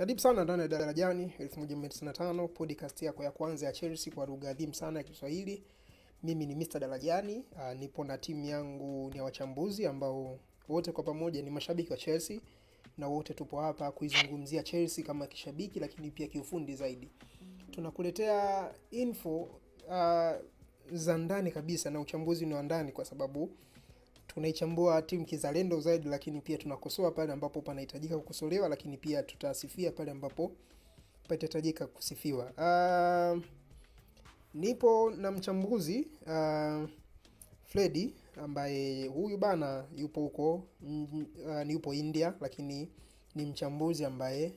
Karibu sana ndani ya Darajani 1995 podcast yako ya kwanza ya Chelsea kwa lugha adhimu sana ya Kiswahili. Mimi ni Mr. Darajani, uh, ah, nipo na timu yangu ni wachambuzi ambao wote kwa pamoja ni mashabiki wa Chelsea na wote tupo hapa kuizungumzia Chelsea kama kishabiki, lakini pia kiufundi zaidi. Tunakuletea info uh, za ndani kabisa na uchambuzi ni wa ndani kwa sababu tunaichambua timu kizalendo zaidi, lakini pia tunakosoa pale ambapo panahitajika kukosolewa, lakini pia tutasifia pale ambapo patahitajika kusifiwa. Uh, nipo na mchambuzi uh, Fredi ambaye huyu bana yupo huko uh, yupo India, lakini ni mchambuzi ambaye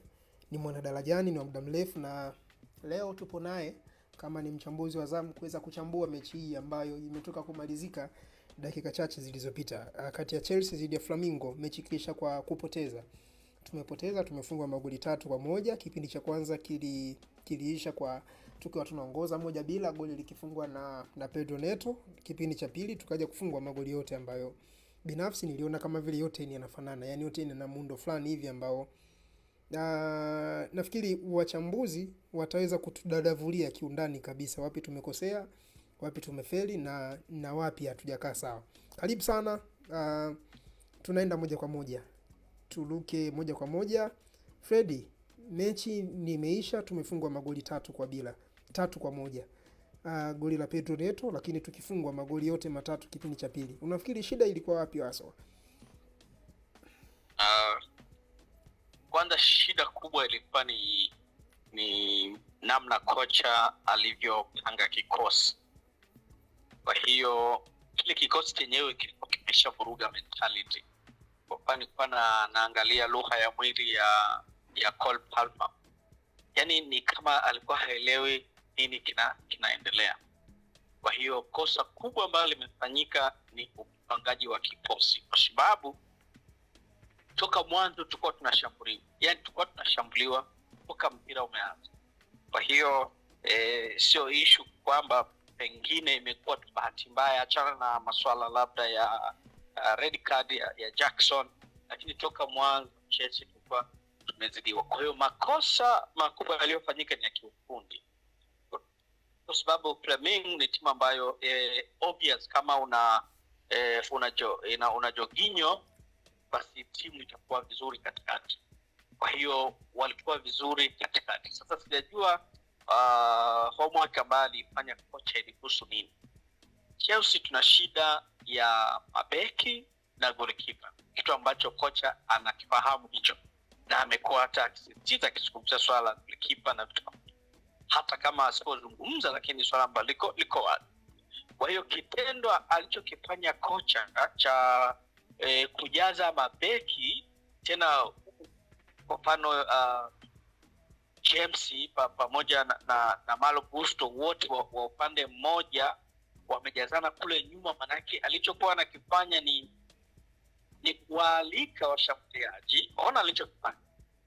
ni mwanadarajani ni wa muda mrefu, na leo tupo naye kama ni mchambuzi wa zamu kuweza kuchambua mechi hii ambayo imetoka kumalizika dakika chache zilizopita ah, kati ya Chelsea dhidi ya Flamingo, mechi kisha kwa kupoteza. Tumepoteza, tumefungwa magoli tatu kwa moja. Kipindi cha kwanza kili kiliisha kwa tukiwa tunaongoza moja bila, goli likifungwa na na Pedro Neto. Kipindi cha pili tukaja kufungwa magoli yote ambayo binafsi niliona kama vile yote ni yanafanana, yani yote ina muundo fulani hivi ambao na, ah, nafikiri wachambuzi wataweza kutudadavulia kiundani kabisa wapi tumekosea wapi tumefeli na na wapi hatujakaa sawa. Karibu sana. Uh, tunaenda moja kwa moja, turuke moja kwa moja. Fredi, mechi nimeisha, tumefungwa magoli tatu kwa bila tatu kwa moja. Uh, goli la Pedro Neto, lakini tukifungwa magoli yote matatu kipindi cha pili. Unafikiri shida ilikuwa wapi waso? Uh, ah, kwanza shida kubwa ilikuwa ni ni namna kocha alivyopanga kikosi kwa hiyo kile kikosi chenyewe kilikuwa vuruga mentality, kwa nilikuwa na, naangalia lugha ya mwili ya ya Cole Palmer, yaani ni kama alikuwa haelewi nini kina, kinaendelea. Kwa hiyo kosa kubwa ambalo limefanyika ni upangaji wa kikosi, kwa sababu toka mwanzo tulikuwa tunashambuliwa, yaani tulikuwa tunashambuliwa toka mpira umeanza. Kwa hiyo eh, sio ishu kwamba pengine imekuwa tu bahati mbaya, achana na maswala labda ya uh, red card ya, ya Jackson, lakini toka mwanzo mchezi tulikuwa tumezidiwa. Kwa hiyo makosa makubwa yaliyofanyika ni ya kiufundi, kwa sababu Flaming ni timu ambayo eh, obvious kama una eh, unajo, ina, unajoginyo basi timu itakuwa vizuri katikati. Kwa hiyo walikuwa vizuri katikati. Sasa sijajua uh, homework ambayo alifanya kocha ilihusu nini? Chelsea tuna shida ya mabeki na golikipa, kitu ambacho kocha anakifahamu hicho, na amekuwa hata akisisitiza akizungumzia swala la golikipa na vitu, hata kama asipozungumza, lakini swala ambalo liko liko wazi. Kwa hiyo kitendo alichokifanya kocha cha eh, kujaza mabeki tena kwa mfano uh, James pamoja pa na, na Malo Gusto wote wa, wa upande mmoja wamejazana kule nyuma, manake alichokuwa anakifanya ni ni kuwaalika washambuliaji. Ona alichokifanya,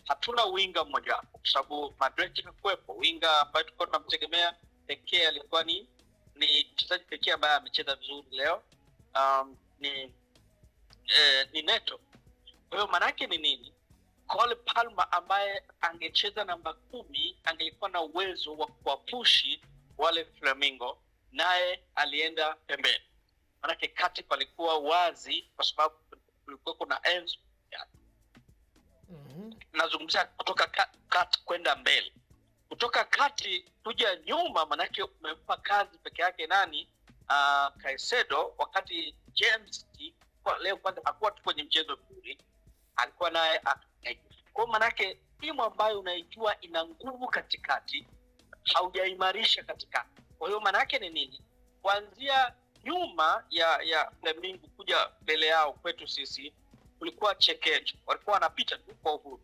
hatuna winga mmoja wapo kwa sababu Madrid hakuwepo. Winga ambaye tulikuwa tunamtegemea pekee alikuwa ni ni mchezaji pekee ambaye amecheza vizuri leo um, ni eh, ni Neto. Kwa hiyo maanake ni nini? Cole Palmer ambaye angecheza namba kumi angelikuwa na uwezo wa kuwapushi wale Flamingo, naye alienda pembeni, manake kati palikuwa wazi kwa sababu kulikuwa kuna Enzo mhm. Nazungumzia kutoka kati kwenda mbele, kutoka kati kuja nyuma, manake umempa kazi peke yake nani? Uh, ah, Kaisedo, wakati James kwa leo kwanza hakuwa tu kwenye mchezo mzuri, alikuwa naye kwa manake timu ambayo unaijua ina nguvu katikati haujaimarisha katikati. Kwa hiyo manake ni nini? Kuanzia nyuma ya ya Flamingo kuja mbele yao kwetu sisi kulikuwa chekecho, walikuwa wanapita tu kwa uhuru,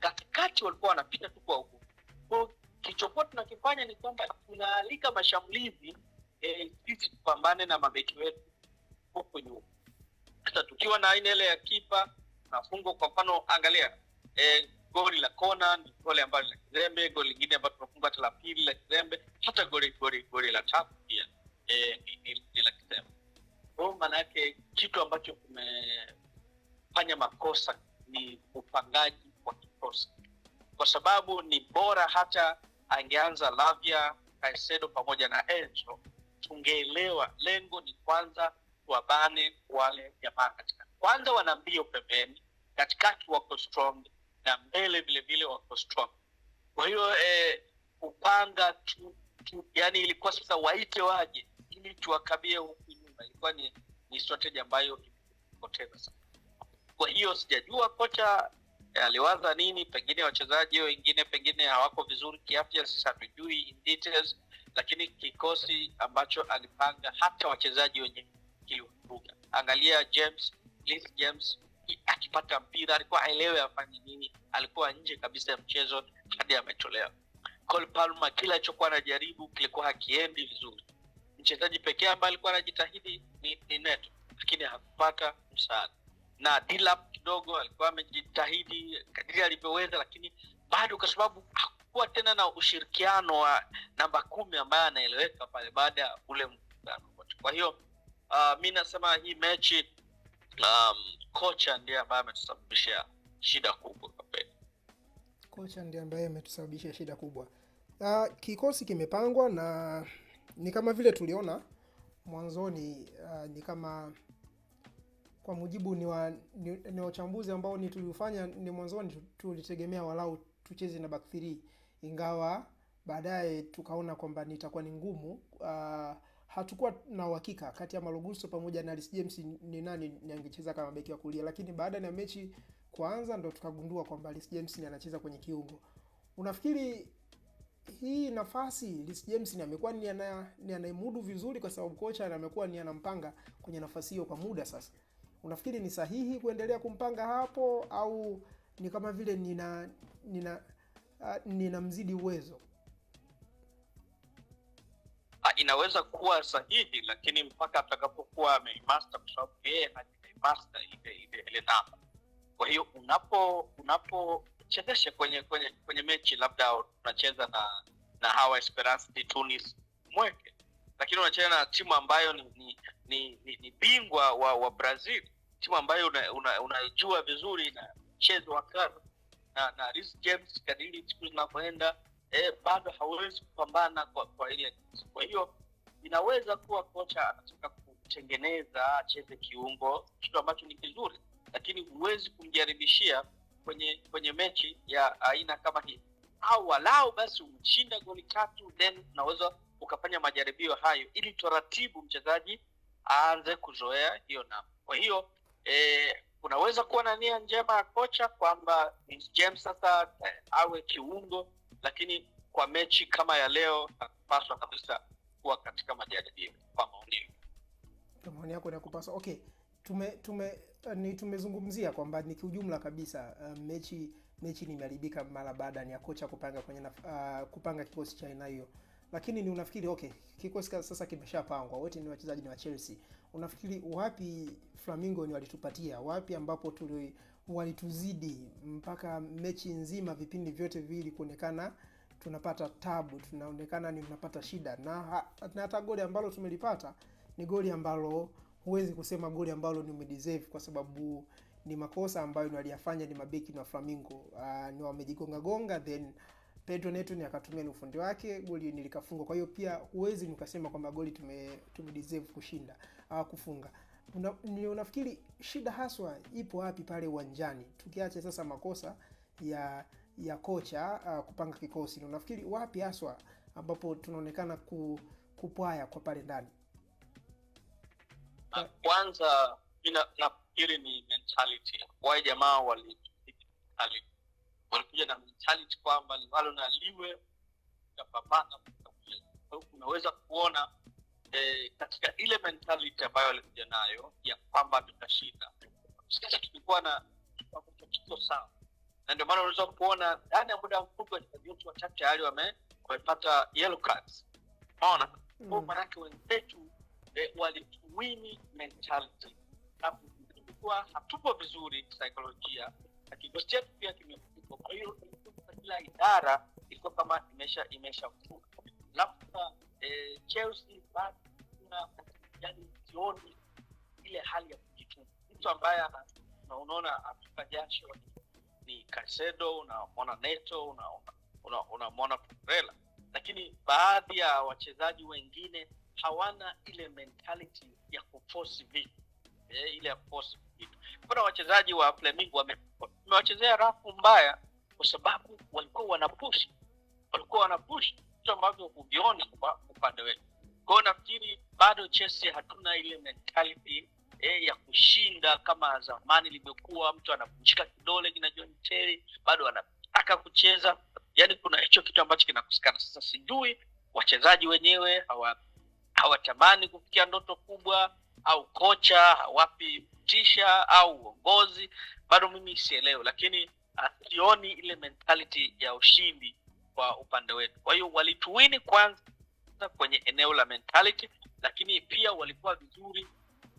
katikati walikuwa wanapita tu kwa uhuru. Kwa kilichokuwa tunakifanya ni kwamba tunaalika mashambulizi eh, sisi, eh, tupambane na mabeki wetu huku nyuma. Sasa tukiwa na aina ile ya kipa nafungwa, kwa mfano, angalia eh, goli la kona ni goli ambalo la kizembe, goli lingine ambalo tunafunga hata la pili la kizembe, hata goli goli goli la tatu pia eh, ni, ni la kizembe. Kwa hiyo maana yake kitu ambacho kimefanya makosa ni upangaji wa kikosa kwa sababu ni bora hata angeanza lavya kaisedo pamoja na Enzo, tungeelewa. Lengo ni kwanza wabane wale jamaa katika kwanza, wana mbio pembeni, katikati wako strong na mbele vile wako strong. Kwa hiyo eh, upanga tu, tu, yani ilikuwa sasa waite waje ili tuwakabie huku nyuma, ilikuwa ni, ni strategy ambayo imepoteza sana. Kwa hiyo sijajua kocha eh, aliwaza nini, pengine wachezaji wengine pengine hawako vizuri kiafya, sisi hatujui in details, lakini kikosi ambacho alipanga hata wachezaji wenye kiliuruga angalia James Reece James akipata mpira alikuwa aelewe afanye nini, alikuwa nje kabisa ya mchezo hadi ametolewa. Cole kila alichokuwa anajaribu kilikuwa hakiendi vizuri. Mchezaji pekee ambaye alikuwa anajitahidi ni, ni Neto, lakini hakupata msaada. Na Dilap kidogo alikuwa amejitahidi kadiri alivyoweza, lakini bado kwa sababu hakukuwa tena na ushirikiano wa namba kumi ambaye anaeleweka pale baada ya ule mkutano wote. Kwa hiyo uh, ah, mi nasema hii mechi um, kocha ndiye ambaye ametusababishia shida kubwa kapeni. Kocha ndiye ambaye ametusababishia shida kubwa. Uh, kikosi kimepangwa na ni kama vile tuliona mwanzoni uh, ni kama kwa mujibu ni wa ni, ni wachambuzi ambao ni tuliufanya ni mwanzoni tulitegemea walau tucheze na back 3 ingawa baadaye tukaona kwamba nitakuwa ni ngumu uh, hatukuwa na uhakika kati ya Malogusto pamoja na Reece James ni nani angecheza kama beki wa kulia, lakini baada ya mechi kuanza ndo tukagundua kwamba Reece James anacheza kwenye kiungo. Unafikiri hii nafasi Reece James ni amekuwa ni anaimudu vizuri, kwa sababu kocha amekuwa ni anampanga kwenye nafasi hiyo kwa muda sasa. Unafikiri ni sahihi kuendelea kumpanga hapo au ni kama vile nina nina uh, ah, mzidi uwezo? inaweza kuwa sahihi, lakini mpaka atakapokuwa ameimasta kwa sababu yeye hajaimasta ile namba. Kwa hiyo unapo unapochezesha kwenye kwenye kwenye mechi, labda unacheza na na hawa Esperance de Tunis mweke, lakini unacheza na timu ambayo ni ni, ni, ni, ni bingwa wa, wa Brazil, timu ambayo unaijua una, una vizuri na mchezo wa karo na na James kadiri siku zinapoenda eh, bado hauwezi kupambana kwa, kwa ile Kwa hiyo inaweza kuwa kocha anataka kutengeneza acheze kiungo, kitu ambacho ni kizuri, lakini huwezi kumjaribishia kwenye kwenye mechi ya aina kama hii, au walau basi umshinda goli tatu, then unaweza ukafanya majaribio hayo ili taratibu mchezaji aanze kuzoea hiyo nam Kwa hiyo eh, kunaweza kuwa na nia njema ya kocha kwamba James sasa eh, awe kiungo lakini kwa mechi kama ya leo napaswa kabisa kuwa katika majaribio kwa maoni maoni yako nakupaswa Okay, tume tume eh, ni tumezungumzia kwamba ni kiujumla kabisa uh, mechi mechi nimeharibika mara baada ya kocha kupanga kwenye uh, kupanga kikosi cha aina hiyo, lakini ni unafikiri okay, kikosi sasa kimeshapangwa, wote ni wachezaji ni wa Chelsea unafikiri wapi Flamingo ni walitupatia wapi, ambapo tuli walituzidi mpaka mechi nzima, vipindi vyote viwili kuonekana tunapata tabu, tunaonekana ni tunapata shida, na hata goli ambalo tumelipata ni goli ambalo huwezi kusema goli ambalo ni umedeserve kwa sababu ni makosa ambayo waliyafanya ni mabeki na Flamingo, uh, ni wamejigonga gonga then Pedro Neto ni akatumia ni ufundi wake, goli nilikafungwa. Kwa hiyo pia huwezi nikasema kwamba goli tume deserve kushinda au kufunga. Una, unafikiri shida haswa ipo wapi pale uwanjani? Tukiacha sasa makosa ya ya kocha uh, kupanga kikosi, Ni unafikiri wapi haswa ambapo tunaonekana ku, kupwaya kwa pale ndani? Kwanza mimi nafikiri ni mentality, Wale jamaa wali mentality walikuja na mentality kwamba liwalo na liwe utapambana. Unaweza kuona eh, katika ile mentality ambayo walikuja nayo ya kwamba tutashinda, sasa tulikuwa na kiwango sana na ndio maana unaweza kuona ndani ya muda mfupi wachezaji wetu wachache hali wame wamepata yellow cards, unaona mm. Kwa wenzetu eh, walituwini mentality, kwa hatupo vizuri kisaikolojia, lakini kikosi chetu pia kime kwa hiyo kila idara ilikuwa kama imesha imeshafunga, labda eh, Chelsea bado yani sioni ile hali ya kujituma. Mtu ambaye unaona atuka jasho ni Caicedo, unamwona Neto, unamwona Cucurella, lakini baadhi ya wachezaji wengine hawana ile mentality ya kuforce vitu eh, ile ya kuforce vitu. Kuna wachezaji wa Flamengo wame tumewachezea rafu mbaya kwa sababu walikuwa wanapush, walikuwa wanapush vitu ambavyo huvioni kwa upande wetu. kwao nafikiri bado chese hatuna ile mentality eh, ya kushinda kama zamani limekuwa, mtu anavunjika kidole kina jonteri bado anataka kucheza. Yani kuna hicho kitu ambacho kinakosekana sasa. Sijui wachezaji wenyewe hawatamani hawa kufikia ndoto kubwa au kocha wapi tisha au uongozi, bado mimi sielewe lakini ah, sioni ile mentality ya ushindi kwa upande wetu. Kwa hiyo walituwini kwanza kwenye eneo la mentality, lakini pia walikuwa vizuri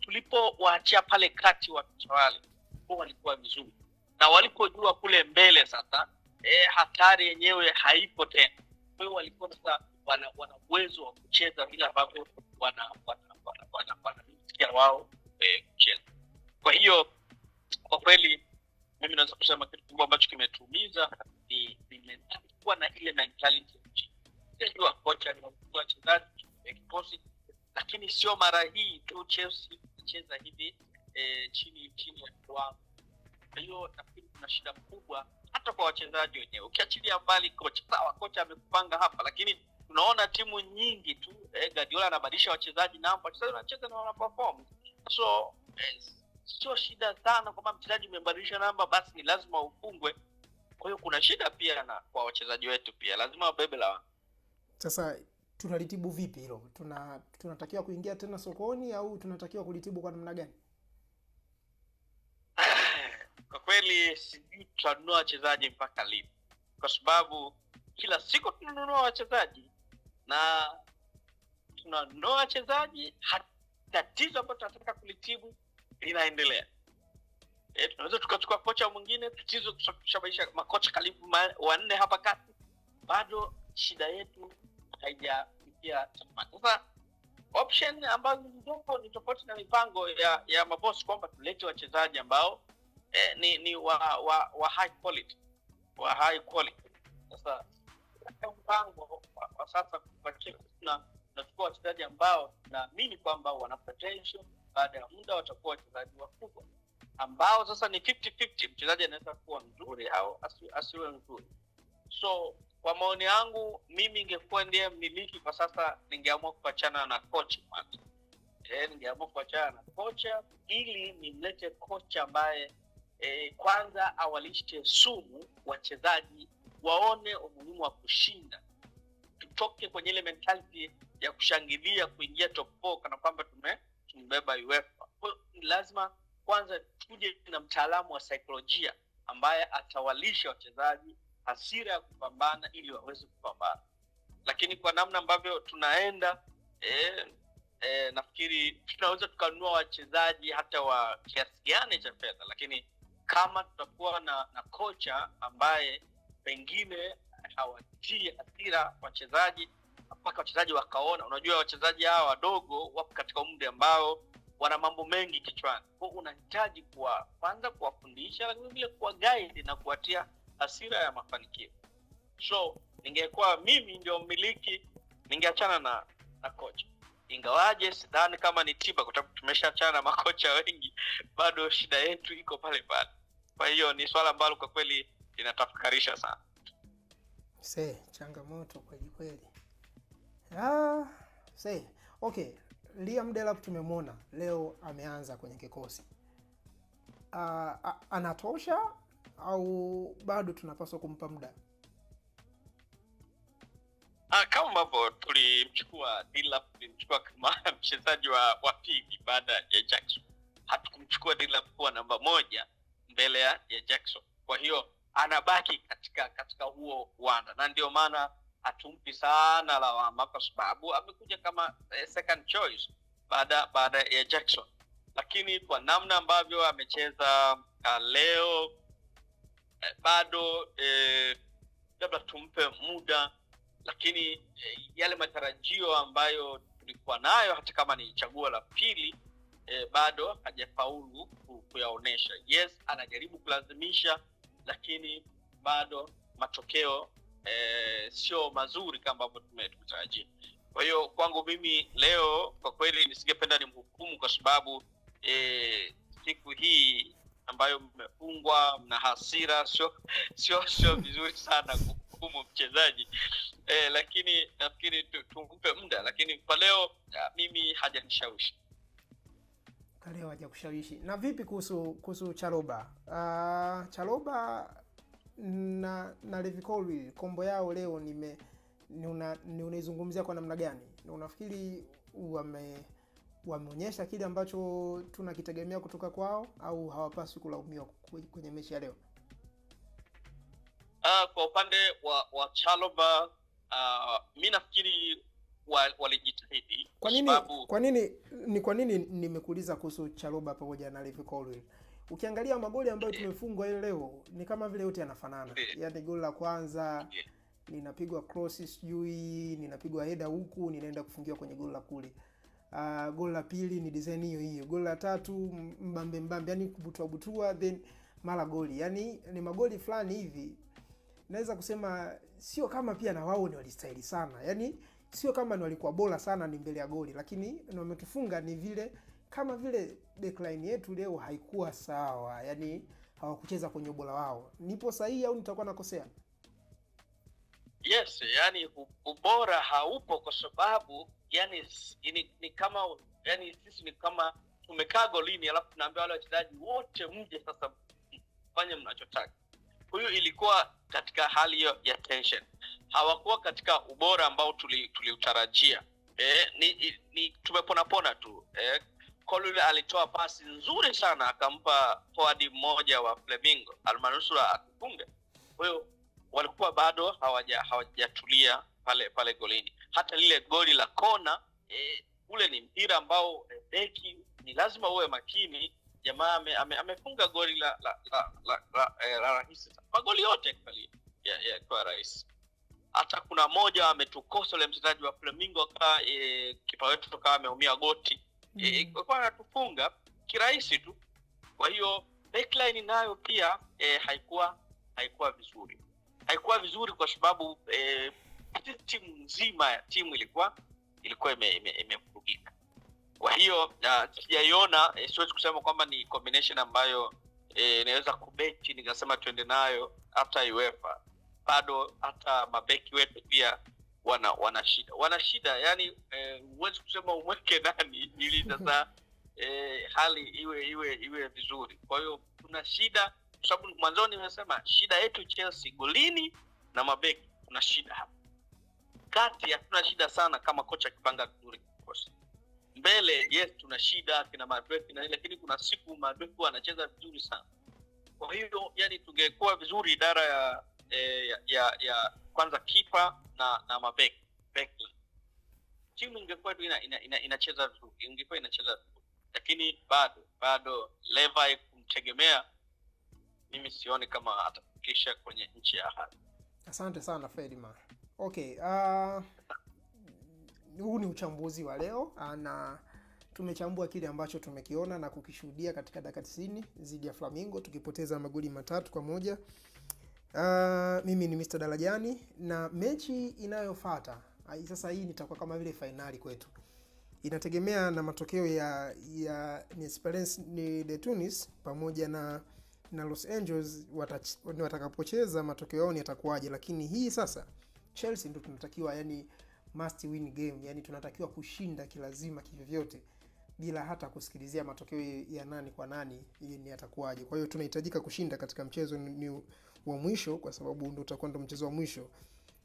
tulipowaachia pale kati watawale, walikuwa vizuri na walipojua kule mbele sasa eh, hatari yenyewe haipo tena. Kwa walikuwa sasa wana uwezo wa kucheza vile ambavyo wana, wana, wana, wana, wana kupitia wao e, Kwa hiyo kwa kweli mimi naweza kusema kitu kikubwa ambacho kimetuumiza ni kuwa na ile mentality ya kocha na wachezaji kikosi, lakini sio mara hii tu Chelsea hivi e, chini chini ya kiwango. Kwa hiyo nafikiri kuna shida kubwa hata kwa wachezaji wenyewe, ukiachilia mbali kocha. Sawa, kocha amekupanga hapa, lakini tunaona timu nyingi tu eh, Guardiola anabadilisha wachezaji namba, wachezaji wanacheza na wanaperform. So eh, sio shida sana kwamba mchezaji umebadilisha namba, basi ni lazima ufungwe. Kwa hiyo kuna shida pia na kwa wachezaji wetu, pia lazima wabebe la. Sasa tunalitibu vipi hilo? Tuna tunatakiwa kuingia tena sokoni au tunatakiwa kulitibu kwa namna gani? Kwa kweli sijui tutanunua wachezaji mpaka lini, kwa sababu kila siku tunanunua wachezaji na tunaondoa wachezaji, tatizo ambalo tunataka kulitibu linaendelea. E, tunaweza tukachukua kocha mwingine, tatizo tushabaisha makocha karibu wanne hapa kati, bado shida yetu haijafikia Sasa option ambazo zilizopo ni tofauti na mipango ya ya mabosi kwamba tulete wachezaji ambao eh, ni ni wa wa wa high quality wa high quality. Sasa mpango wa sasa kwa tunachukua wachezaji ambao naamini kwamba wana potential, baada ya muda watakuwa wachezaji wakubwa ambao sasa ni mchezaji anaweza kuwa mzuri au asiwe mzuri. So kwa maoni yangu mimi, ingekuwa ndiye mmiliki kwa sasa, ningeamua kupachana na kocha e, ningeamua kuachana na kocha ili nimlete kocha ambaye e, kwanza awalishe sumu wachezaji, waone umuhimu wa kushinda, tutoke kwenye ile mentality ya kushangilia kuingia top 4 kana kwamba tume tumebeba UEFA. Kwa lazima kwanza tuje na mtaalamu wa saikolojia ambaye atawalisha wachezaji hasira ya kupambana ili waweze kupambana, lakini kwa namna ambavyo tunaenda eh, eh, nafikiri tunaweza tukanunua wachezaji hata wa kiasi gani cha fedha, lakini kama tutakuwa na, na kocha ambaye pengine hawatii hasira wachezaji mpaka wachezaji wakaona. Unajua, wachezaji hawa wadogo wapo katika umri ambao wana mambo mengi kichwani, kwa unahitaji kuwa kwanza kuwafundisha, lakini vile kuwa guide na kuwatia hasira ya mafanikio. So ningekuwa mimi ndio mmiliki, ningeachana na na kocha, ingawaje sidhani kama ni tiba, kwa tumeshaachana na makocha wengi, bado shida yetu iko pale pale. Kwa hiyo ni swala ambalo kwa kweli linatafakarisha sana. Se, changamoto kwelikweli Ah, say. Okay, Liam Delap tumemwona leo ameanza kwenye kikosi. Ah, anatosha au bado tunapaswa kumpa muda? Ah, kama ambavyo tulimchukua Delap, tulimchukua kama mchezaji wa, wa pili baada ya Jackson. Hatukumchukua Delap kuwa namba moja mbele ya Jackson. Kwa hiyo anabaki katika katika huo uwanda na ndio maana hatumpi sana lawama kwa sababu amekuja kama eh, second choice baada baada ya Jackson, lakini kwa namna ambavyo amecheza uh, ah, leo eh, bado eh, labda tumpe muda, lakini eh, yale matarajio ambayo tulikuwa nayo hata kama ni chaguo la pili eh, bado hajafaulu kuyaonesha. Yes, anajaribu kulazimisha, lakini bado matokeo eh, sio mazuri kama ambavyo tumetarajia. Kwa hiyo kwangu mimi leo kwa kweli nisingependa ni mhukumu kwa sababu eh, siku hii ambayo mmefungwa, mna hasira, sio sio sio vizuri sana kuhukumu mchezaji eh, lakini nafikiri tumpe muda, lakini kwa leo mimi hajanishawishi leo hajakushawishi. Na vipi kuhusu kuhusu Charoba? Uh, Charoba na, na Levi Colwill kombo yao leo nime unaizungumzia kwa namna gani? Na unafikiri wame wameonyesha kile ambacho tunakitegemea kutoka kwao au hawapaswi kulaumiwa kwenye mechi ya leo? Uh, kwa upande wa, wa Chalobah uh, mi nafikiri walijitahidi. Kwa nini, kwa nini ni kwa nini nimekuuliza kuhusu Chalobah pamoja na Levi Colwill? ukiangalia magoli ambayo yeah. tumefungwa ile leo ni kama vile yote yanafanana yeah. yaani goli la kwanza yeah. ninapigwa cross sijui ninapigwa header huku ninaenda kufungiwa kwenye goli la kule uh, goli la pili ni design hiyo hiyo goli la tatu mbambe mbambe yani kubutua butua then mara goli yani ni magoli fulani hivi naweza kusema sio kama pia na wao ni walistahili sana yani sio kama ni walikuwa bora sana ni mbele ya goli lakini wametufunga ni vile kama vile decline yetu leo haikuwa sawa, yani hawakucheza kwenye ubora wao. Nipo sahihi au nitakuwa nakosea? Yes, yani ubora haupo kwa sababu yani ni, ni kama yani sisi ni kama tumekaa golini, alafu tunaambia wale wachezaji wote mje sasa fanye mnachotaka. Huyu ilikuwa katika hali hiyo ya tension, hawakuwa katika ubora ambao tuliutarajia. Tuli eh, ni, ni tumeponapona tu eh, Colwell alitoa pasi nzuri sana akampa forward mmoja wa Flamingo almanusura akifunga. Kwa hiyo walikuwa bado hawajatulia hawaja pale pale golini. Hata lile goli la kona e, ule ni mpira ambao e, beki ni lazima uwe makini. Jamaa ame, amefunga goli la la, la, la, la, la, e, la rahisi. Magoli yote ya, ya, kwa rahisi hata kuna moja ametukosa ule mchezaji wa Flamingo akaa e, kipa wetu tukawa ameumia goti walikuwa e, mm. wanatufunga kirahisi tu. Kwa hiyo backline nayo pia e, haikuwa haikuwa vizuri, haikuwa vizuri kwa sababu e, timu nzima ya timu ilikuwa ilikuwa imevurugika ime, kwa hiyo sijaiona e, siwezi kusema kwamba ni combination ambayo e, inaweza kubechi nikasema twende nayo hata UEFA. Bado hata mabeki wetu pia wana wana shida wana shida yani, eh, huwezi eh, kusema umweke nani ili sasa eh, hali iwe iwe iwe vizuri. Kwa hiyo kuna shida, kwa sababu mwanzoni nimesema shida yetu Chelsea golini na mabeki, kuna shida hapa kati. Hatuna shida sana kama kocha akipanga vizuri kikosi mbele. Yes, tuna shida kina mabeki na, lakini kuna siku mabeki anacheza vizuri sana. Kwa hiyo yani, tungekuwa vizuri idara ya, eh, ya, ya, ya kwanza kipa na na mabeki beki, timu ingekuwa tu inacheza vizuri, ingekuwa inacheza vizuri, lakini bado bado Levi kumtegemea, mimi sioni kama atafikisha kwenye nchi ya ahadi. Asante sana Fedima. Okay, uh, huu ni uchambuzi wa leo ah, na tumechambua kile ambacho tumekiona na kukishuhudia katika dakika 90 dhidi ya Flamingo tukipoteza magoli matatu kwa moja. Uh, mimi ni Mr. Darajani na mechi inayofuata sasa, hii nitakuwa kama vile fainali kwetu, inategemea na matokeo ya ya ni Esperance ni de Tunis pamoja na na Los Angeles watakapocheza, matokeo yao ni yatakuwaje. Lakini hii sasa Chelsea ndio tunatakiwa yani must win game, yani tunatakiwa kushinda kilazima kivyovyote bila hata kusikilizia matokeo ya nani kwa nani ni atakuwaje. Kwa hiyo tunahitajika kushinda katika mchezo ni, ni wa mwisho, kwa sababu ndio utakuwa ndo mchezo wa mwisho.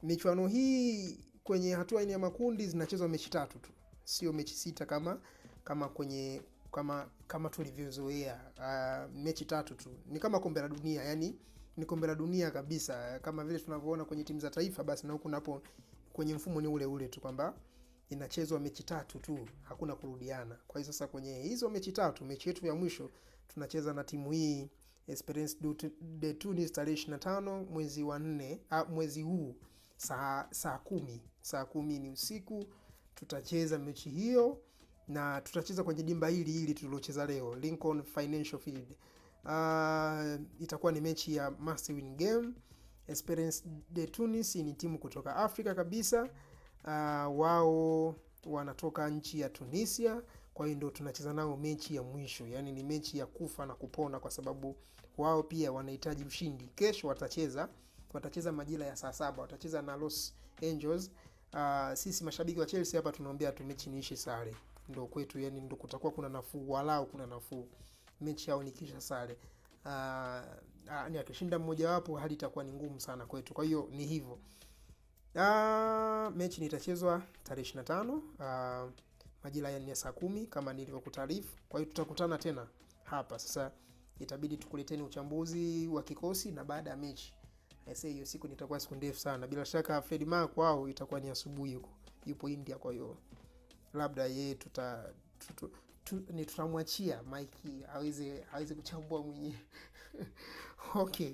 Michuano hii kwenye hatua ya makundi zinachezwa mechi tatu tu, sio mechi sita kama kama kwenye kama kama tulivyozoea. Uh, mechi tatu tu ni kama kombe la dunia, yani ni kombe la dunia kabisa, kama vile tunavyoona kwenye timu za taifa. Basi na huku napo kwenye mfumo ni ule ule tu kwamba inachezwa mechi tatu tu, hakuna kurudiana. Kwa hiyo sasa kwenye hizo mechi tatu, mechi yetu ya mwisho tunacheza na timu hii Esperance de Tunis tarehe 25 mwezi wa nne, mwezi huu saa, saa kumi saa kumi ni usiku tutacheza mechi hiyo na tutacheza kwenye dimba hili hili tulilocheza leo Lincoln Financial Field. Uh, itakuwa ni mechi ya must win game. Esperance de Tunis ni timu kutoka Afrika kabisa. Uh, wao wanatoka nchi ya Tunisia. Kwa hiyo ndio tunacheza nao mechi ya mwisho, yaani ni mechi ya kufa na kupona, kwa sababu wao pia wanahitaji ushindi. Kesho watacheza watacheza majira ya saa saba watacheza na Los Angeles. Uh, sisi mashabiki wa Chelsea hapa tunaombea tu mechi niishe sare, ndio kwetu, yani ndio kutakuwa kuna nafuu, walau kuna nafuu. Mechi yao nikisha sare uh, uh, ni akishinda mmoja wapo hali itakuwa ni ngumu sana kwetu, kwa hiyo ni hivyo. Uh, mechi nitachezwa tarehe 25 uh, majira ya saa kumi kama nilivyokutaarifu. Kwa hiyo tutakutana tena hapa sasa, itabidi tukuleteni uchambuzi wa kikosi na baada ya mechi. Aisee, hiyo siku nitakuwa siku ndefu sana. Bila shaka Fred Ma kwao itakuwa ni asubuhi huko, yupo India. Kwa hiyo labda yeye tuta tutu, tu, ni tutamwachia Mike aweze aweze kuchambua mwenyewe okay.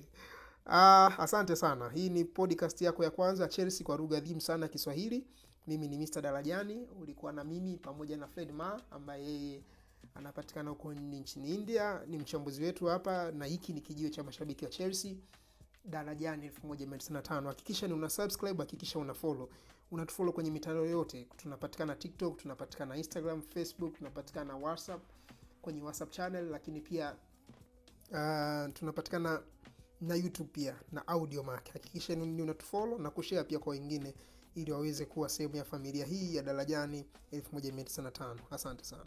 Ah, asante sana. Hii ni podcast yako ya kwanza Chelsea kwa lugha adhimu sana Kiswahili. Mimi ni Mr. Darajani, ulikuwa na mimi pamoja na Fred Ma ambaye yeye anapatikana huko nchini India, ni mchambuzi wetu hapa na hiki ni kijio cha mashabiki wa Chelsea. Darajani 1905. Hakikisha ni una subscribe, hakikisha una follow. Unatufollow kwenye mitandao yote. Tunapatikana TikTok, tunapatikana Instagram, Facebook, tunapatikana WhatsApp kwenye WhatsApp channel lakini pia uh, tunapatikana na YouTube pia na audio mark. Hakikisha ni unatufollow na kushare pia kwa wengine, ili waweze kuwa sehemu ya familia hii ya Darajani 1905. Asante sana.